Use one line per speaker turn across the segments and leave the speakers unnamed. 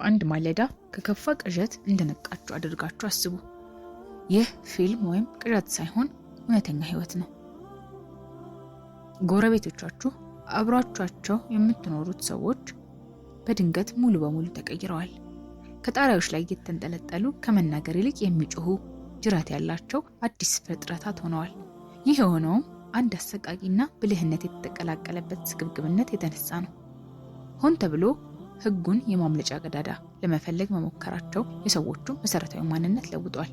በአንድ ማለዳ ከከፋ ቅዠት እንደነቃችሁ አድርጋችሁ አስቡ። ይህ ፊልም ወይም ቅዠት ሳይሆን እውነተኛ ህይወት ነው። ጎረቤቶቻችሁ፣ አብራቿቸው የምትኖሩት ሰዎች በድንገት ሙሉ በሙሉ ተቀይረዋል። ከጣሪያዎች ላይ እየተንጠለጠሉ ከመናገር ይልቅ የሚጮሁ ጅራት ያላቸው አዲስ ፍጥረታት ሆነዋል። ይህ የሆነውም አንድ አሰቃቂና ብልህነት የተቀላቀለበት ስግብግብነት የተነሳ ነው። ሆን ተብሎ ህጉን የማምለጫ ቀዳዳ ለመፈለግ መሞከራቸው የሰዎቹ መሰረታዊ ማንነት ለውጧል።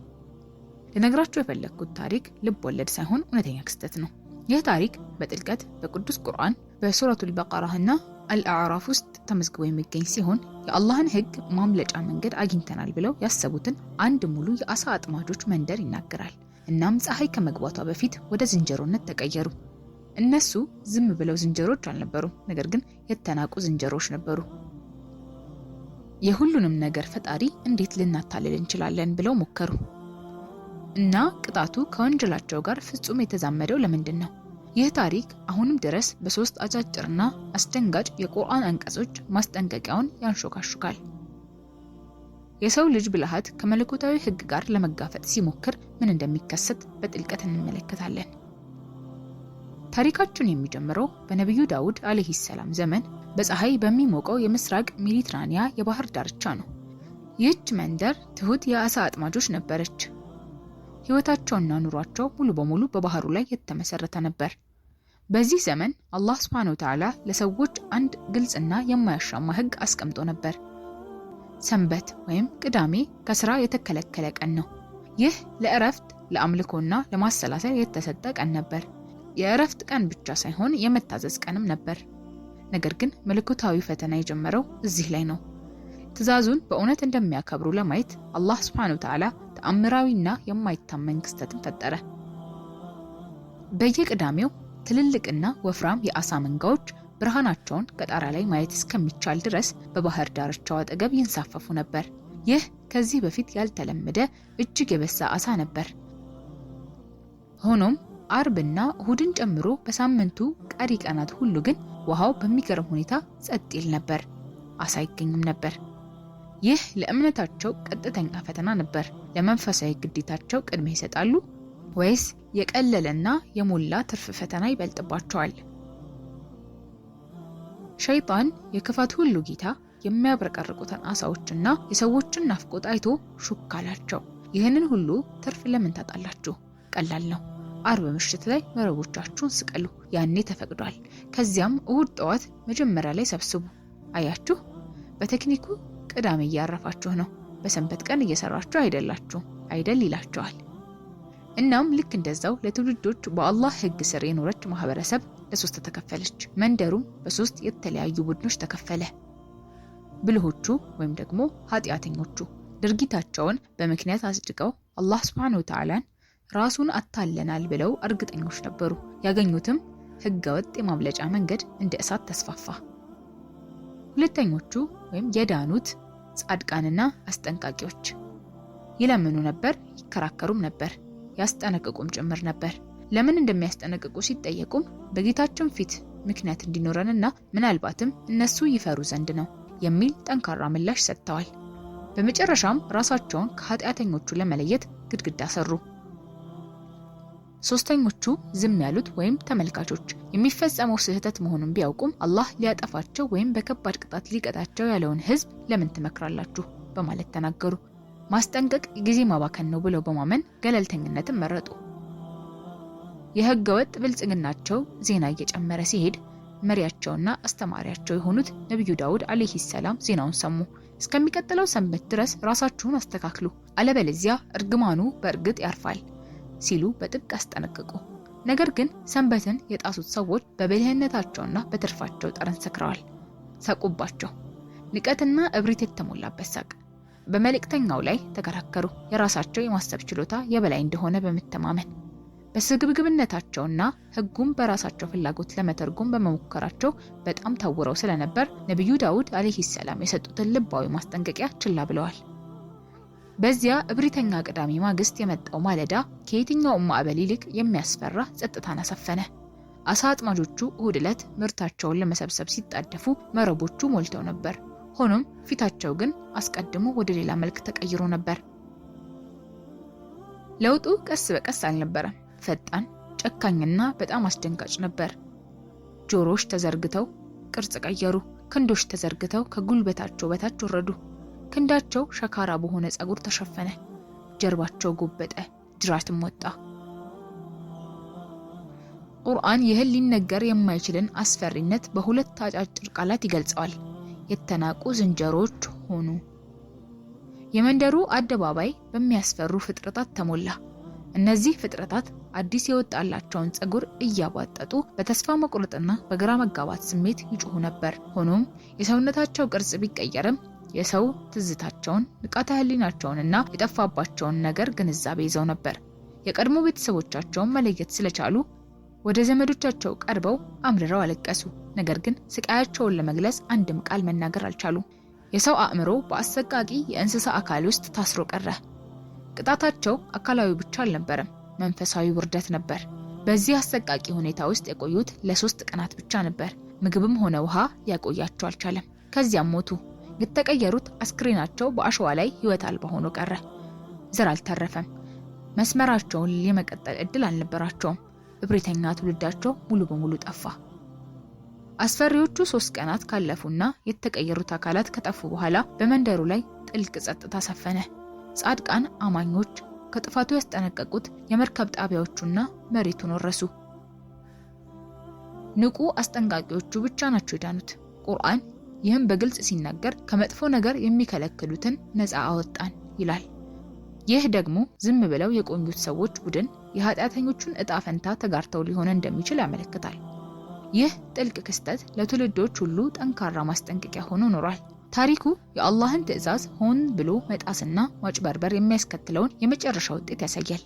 ልነግራችሁ የፈለግኩት ታሪክ ልብ ወለድ ሳይሆን እውነተኛ ክስተት ነው። ይህ ታሪክ በጥልቀት በቅዱስ ቁርአን በሱረቱል በቀራህ እና አልአዕራፍ ውስጥ ተመዝግቦ የሚገኝ ሲሆን የአላህን ህግ ማምለጫ መንገድ አግኝተናል ብለው ያሰቡትን አንድ ሙሉ የአሳ አጥማጆች መንደር ይናገራል። እናም ፀሐይ ከመግባቷ በፊት ወደ ዝንጀሮነት ተቀየሩ። እነሱ ዝም ብለው ዝንጀሮች አልነበሩም፣ ነገር ግን የተናቁ ዝንጀሮች ነበሩ። የሁሉንም ነገር ፈጣሪ እንዴት ልናታልል እንችላለን ብለው ሞከሩ። እና ቅጣቱ ከወንጀላቸው ጋር ፍጹም የተዛመደው ለምንድን ነው? ይህ ታሪክ አሁንም ድረስ በሶስት አጫጭርና አስደንጋጭ የቁርአን አንቀጾች ማስጠንቀቂያውን ያንሾካሹካል። የሰው ልጅ ብልሃት ከመለኮታዊ ሕግ ጋር ለመጋፈጥ ሲሞክር ምን እንደሚከሰት በጥልቀት እንመለከታለን። ታሪካችን የሚጀምረው በነቢዩ ዳውድ አለህ ሰላም ዘመን በፀሐይ በሚሞቀው የምስራቅ ሜዲትራኒያ የባህር ዳርቻ ነው። ይህች መንደር ትሁት የአሳ አጥማጆች ነበረች። ሕይወታቸውና ኑሯቸው ሙሉ በሙሉ በባህሩ ላይ የተመሰረተ ነበር። በዚህ ዘመን አላህ ሱብሐነሁ ወተዓላ ለሰዎች አንድ ግልጽና የማያሻማ ህግ አስቀምጦ ነበር። ሰንበት ወይም ቅዳሜ ከስራ የተከለከለ ቀን ነው። ይህ ለእረፍት ለአምልኮና ለማሰላሰል የተሰጠ ቀን ነበር። የእረፍት ቀን ብቻ ሳይሆን የመታዘዝ ቀንም ነበር። ነገር ግን መለኮታዊ ፈተና የጀመረው እዚህ ላይ ነው። ትእዛዙን በእውነት እንደሚያከብሩ ለማየት አላህ ሱብሐነሁ ወተዓላ ተአምራዊና የማይታመን ክስተትን ፈጠረ። በየቅዳሜው ትልልቅና ወፍራም የአሳ መንጋዎች ብርሃናቸውን ከጣራ ላይ ማየት እስከሚቻል ድረስ በባህር ዳርቻው አጠገብ ይንሳፈፉ ነበር። ይህ ከዚህ በፊት ያልተለመደ እጅግ የበሳ አሳ ነበር። ሆኖም አርብና እሁድን ጨምሮ በሳምንቱ ቀሪ ቀናት ሁሉ ግን ውሃው በሚገርም ሁኔታ ጸጥ ይል ነበር። አሳ አይገኝም ነበር። ይህ ለእምነታቸው ቀጥተኛ ፈተና ነበር። ለመንፈሳዊ ግዴታቸው ቅድሚያ ይሰጣሉ ወይስ የቀለለና የሞላ ትርፍ ፈተና ይበልጥባቸዋል? ሸይጣን የክፋት ሁሉ ጌታ የሚያብረቀርቁትን አሳዎችና የሰዎችን ናፍቆት አይቶ ሹክ አላቸው። ይህንን ሁሉ ትርፍ ለምን ታጣላችሁ? ቀላል ነው። አርብ ምሽት ላይ መረቦቻችሁን ስቀሉ፣ ያኔ ተፈቅዷል። ከዚያም እሁድ ጠዋት መጀመሪያ ላይ ሰብስቡ። አያችሁ፣ በቴክኒኩ ቅዳሜ እያረፋችሁ ነው፣ በሰንበት ቀን እየሰራችሁ አይደላችሁም አይደል ይላቸዋል። እናም ልክ እንደዛው ለትውልዶች በአላህ ሕግ ስር የኖረች ማህበረሰብ ለሶስት ተከፈለች። መንደሩም በሶስት የተለያዩ ቡድኖች ተከፈለ። ብልሆቹ ወይም ደግሞ ኃጢአተኞቹ ድርጊታቸውን በምክንያት አጽድቀው አላህ ሱብሓነሁ ወተዓላን ራሱን አታለናል ብለው እርግጠኞች ነበሩ። ያገኙትም ህገወጥ የማምለጫ መንገድ እንደ እሳት ተስፋፋ። ሁለተኞቹ ወይም የዳኑት ጻድቃንና አስጠንቃቂዎች ይለምኑ ነበር፣ ይከራከሩም ነበር፣ ያስጠነቅቁም ጭምር ነበር። ለምን እንደሚያስጠነቅቁ ሲጠየቁም በጌታችን ፊት ምክንያት እንዲኖረንና ምናልባትም እነሱ ይፈሩ ዘንድ ነው የሚል ጠንካራ ምላሽ ሰጥተዋል። በመጨረሻም ራሳቸውን ከኃጢአተኞቹ ለመለየት ግድግዳ ሰሩ። ሶስተኞቹ ዝም ያሉት ወይም ተመልካቾች የሚፈጸመው ስህተት መሆኑን ቢያውቁም አላህ ሊያጠፋቸው ወይም በከባድ ቅጣት ሊቀጣቸው ያለውን ህዝብ ለምን ትመክራላችሁ? በማለት ተናገሩ። ማስጠንቀቅ ጊዜ ማባከን ነው ብለው በማመን ገለልተኝነትን መረጡ። የህገ ወጥ ብልጽግናቸው ዜና እየጨመረ ሲሄድ መሪያቸውና አስተማሪያቸው የሆኑት ነቢዩ ዳውድ አለይሂ ሰላም ዜናውን ሰሙ። እስከሚቀጥለው ሰንበት ድረስ ራሳችሁን አስተካክሉ፣ አለበለዚያ እርግማኑ በእርግጥ ያርፋል ሲሉ በጥብቅ አስጠነቅቁ። ነገር ግን ሰንበትን የጣሱት ሰዎች በብልህነታቸውና በትርፋቸው ጠረን ሰክረዋል። ሳቁባቸው። ንቀትና እብሪት የተሞላበት ሳቅ። በመልእክተኛው ላይ ተከራከሩ፣ የራሳቸው የማሰብ ችሎታ የበላይ እንደሆነ በመተማመን በስግብግብነታቸውና ሕጉም በራሳቸው ፍላጎት ለመተርጎም በመሞከራቸው በጣም ታውረው ስለነበር ነቢዩ ዳውድ አለይሂ ሰላም የሰጡትን ልባዊ ማስጠንቀቂያ ችላ ብለዋል። በዚያ እብሪተኛ ቅዳሜ ማግስት የመጣው ማለዳ ከየትኛውም ማዕበል ይልቅ የሚያስፈራ ጸጥታን አሰፈነ። አሳ አጥማጆቹ እሁድ ዕለት ምርታቸውን ለመሰብሰብ ሲጣደፉ መረቦቹ ሞልተው ነበር። ሆኖም ፊታቸው ግን አስቀድሞ ወደ ሌላ መልክ ተቀይሮ ነበር። ለውጡ ቀስ በቀስ አልነበረም። ፈጣን፣ ጨካኝና በጣም አስደንጋጭ ነበር። ጆሮዎች ተዘርግተው ቅርጽ ቀየሩ። ክንዶች ተዘርግተው ከጉልበታቸው በታች ወረዱ። ክንዳቸው ሸካራ በሆነ ጸጉር ተሸፈነ። ጀርባቸው ጎበጠ፣ ጅራትም ወጣ። ቁርአን ይህን ሊነገር የማይችልን አስፈሪነት በሁለት አጫጭር ቃላት ይገልጸዋል። የተናቁ ዝንጀሮዎች ሆኑ። የመንደሩ አደባባይ በሚያስፈሩ ፍጥረታት ተሞላ። እነዚህ ፍጥረታት አዲስ የወጣላቸውን ጸጉር እያቧጠጡ በተስፋ መቁረጥና በግራ መጋባት ስሜት ይጮሁ ነበር። ሆኖም የሰውነታቸው ቅርጽ ቢቀየርም የሰው ትዝታቸውን ንቃተ ህሊናቸውንና የጠፋባቸውን ነገር ግንዛቤ ይዘው ነበር። የቀድሞ ቤተሰቦቻቸውን መለየት ስለቻሉ ወደ ዘመዶቻቸው ቀርበው አምርረው አለቀሱ። ነገር ግን ስቃያቸውን ለመግለጽ አንድም ቃል መናገር አልቻሉ። የሰው አእምሮ በአሰቃቂ የእንስሳ አካል ውስጥ ታስሮ ቀረ። ቅጣታቸው አካላዊ ብቻ አልነበረም፣ መንፈሳዊ ውርደት ነበር። በዚህ አሰቃቂ ሁኔታ ውስጥ የቆዩት ለሶስት ቀናት ብቻ ነበር። ምግብም ሆነ ውሃ ያቆያቸው አልቻለም። ከዚያም ሞቱ። የተቀየሩት አስክሬናቸው በአሸዋ ላይ ህይወት አልባ ሆኖ ቀረ። ዘር አልተረፈም። መስመራቸውን የመቀጠል እድል አልነበራቸውም። እብሪተኛ ትውልዳቸው ሙሉ በሙሉ ጠፋ። አስፈሪዎቹ ሶስት ቀናት ካለፉና የተቀየሩት አካላት ከጠፉ በኋላ በመንደሩ ላይ ጥልቅ ጸጥታ ሰፈነ። ጻድቃን አማኞች ከጥፋቱ ያስጠነቀቁት የመርከብ ጣቢያዎቹና መሬቱን ወረሱ። ንቁ አስጠንቃቂዎቹ ብቻ ናቸው የዳኑት። ቁርአን ይህም በግልጽ ሲናገር ከመጥፎ ነገር የሚከለክሉትን ነፃ አወጣን ይላል። ይህ ደግሞ ዝም ብለው የቆዩት ሰዎች ቡድን የኃጢአተኞቹን እጣ ፈንታ ተጋርተው ሊሆን እንደሚችል ያመለክታል። ይህ ጥልቅ ክስተት ለትውልዶች ሁሉ ጠንካራ ማስጠንቀቂያ ሆኖ ኖሯል። ታሪኩ የአላህን ትዕዛዝ ሆን ብሎ መጣስና ማጭበርበር የሚያስከትለውን የመጨረሻ ውጤት ያሳያል።